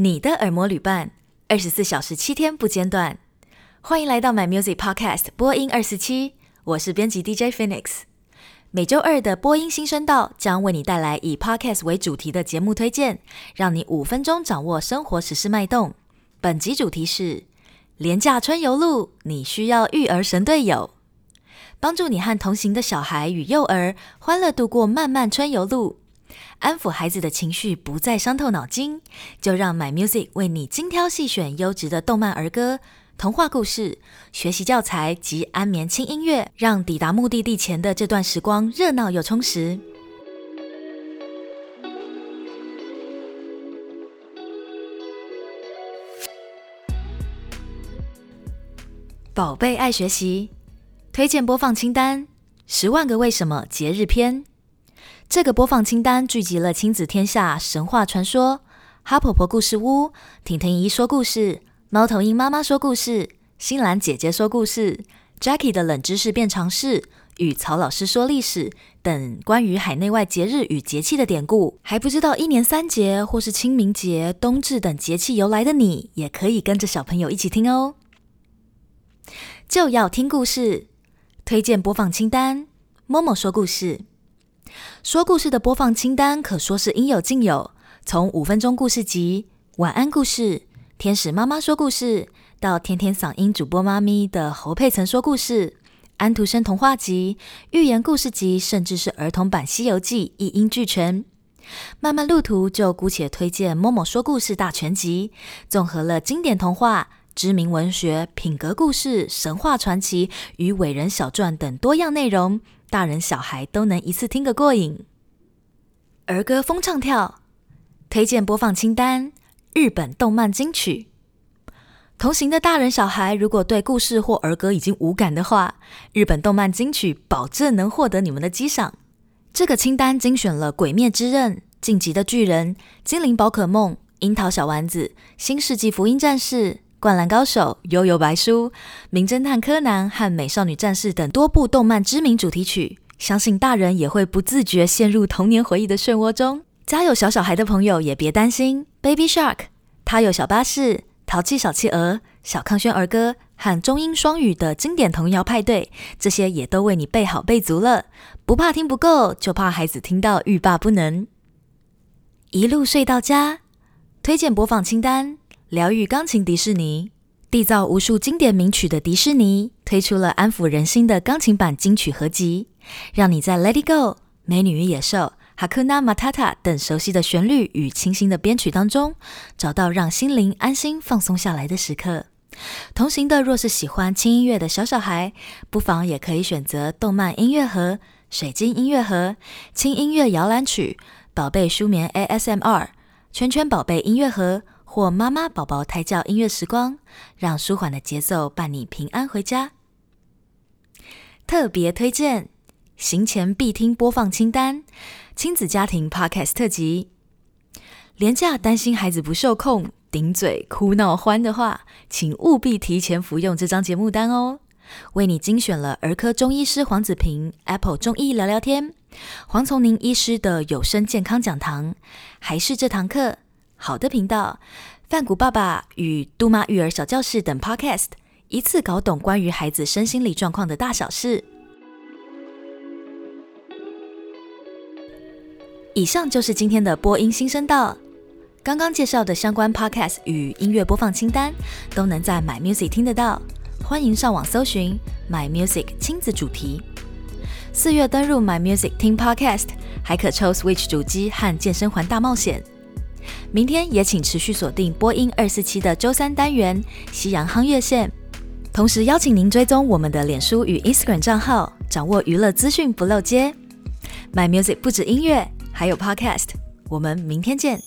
你的耳膜旅伴，二十四小時七天不間斷。歡迎來到 My Music Podcast 播音二四七，我是編輯 DJ Phoenix。每周二的播音新聲道將為你帶來以 podcast 為主題的節目推薦，讓你五分鐘掌握生活時事脈動。本集主題是連假春遊路，你需要育兒神隊友，幫助你和同行的小孩與幼兒歡樂度過漫漫春遊路。安撫孩子的情緒不再傷透腦筋，就讓 MyMusic 為你精挑細選優質的動漫兒歌、童話故事、學習教材及安眠輕音樂，讓抵達目的地前的這段時光熱鬧又充實。寶貝愛學習，推薦播放清單《十萬個為什麼》節日篇。這個播放清單聚集了親子天下、神話傳說、哈婆婆故事屋、婷婷姨說故事、貓頭鷹媽媽說故事、新蘭姐姐說故事、Jackie 的冷知識變常識、與曹老師說歷史等關於海內外節日與節氣的典故。還不知道一年三節或是清明節、冬至等節氣由來的你，也可以跟着小朋友一起聽哦。就要聽故事，推薦播放清單，momo 說故事。說故事的播放清單可說是應有盡有，從五分鐘故事集、晚安故事、天使媽媽說故事，到甜甜嗓音主播媽咪的侯佩岑說故事、安徒生童話集、寓言故事集，甚至是兒童版《西游記》，一應俱全。漫漫路途就姑且推薦《momo 說故事大全集》，綜合了經典童話。知名文學、品格故事、神話傳奇與偉人小傳等多樣內容，大人小孩都能一次聽個過癮。兒歌瘋唱跳推薦播放清單：日本動漫金曲。同行的大人小孩如果對故事或兒歌已經無感的話，日本動漫金曲保證能獲得你們的激賞。這個清單精選了《鬼滅之刃》《進擊的巨人》《精靈寶可夢》《櫻桃小丸子》《新世紀福音戰士》。《灌籃高手》《幽遊白書》《名偵探柯南》和《美少女戰士》等多部動漫知名主題曲，相信大人也會不自覺陷入童年回憶的漩渦中。家有小小孩的朋友也別擔心，《Baby Shark》、《他有小巴士》《淘氣小企鵝》《小康軒兒歌》和中英雙語的經典童謠派對，這些也都為你備好備足了。不怕聽不夠，就怕孩子聽到欲罷不能，一路睡到家。推薦播放清單。療癒鋼琴迪士尼，締造無數經典名曲的迪士尼推出了安撫人心的鋼琴版金曲合集，讓你在《Let It Go》《美女與野獸》《Hakuna Matata》等熟悉的旋律與清新的編曲當中，找到讓心靈安心放鬆下來的時刻。同行的若是喜歡輕音樂的小小孩，不妨也可以選擇動漫音樂盒、水晶音樂盒、輕音樂搖籃曲、寶貝舒眠 ASMR、圈圈寶貝音樂盒。或媽媽、寶寶胎，胎教音樂時光，讓舒緩的節奏伴你平安回家。特別推薦行前必聽播放清單，親子家庭 Podcast 特輯。連假擔心孩子不受控、頂嘴、哭鬧、歡的話，請務必提前服用這張節目單哦。為你精選了兒科中醫師黃子平、Apple 中醫聊聊天、黃瑽寧醫師的有聲健康講堂，還是這堂課。好的頻道，范谷爸爸與嘟媽育兒小教室等 Podcast，一次搞懂關於孩子身心理狀況的大小事。以上就是今天的播音新聲道。剛剛介紹的相關 Podcast 與音樂播放清單，都能在 My Music 聽得到。歡迎上網搜尋 My Music 親子主題。四月登入 My Music 聽 Podcast，還可抽 Switch 主機和健身環大冒險。明天也請持續鎖定播音二四七的周三單元《西洋夯月線》，同時邀請您追蹤我們的臉書與 Instagram 賬號，掌握娛樂資訊不漏接。My Music 不只音樂，還有 Podcast。我們明天見。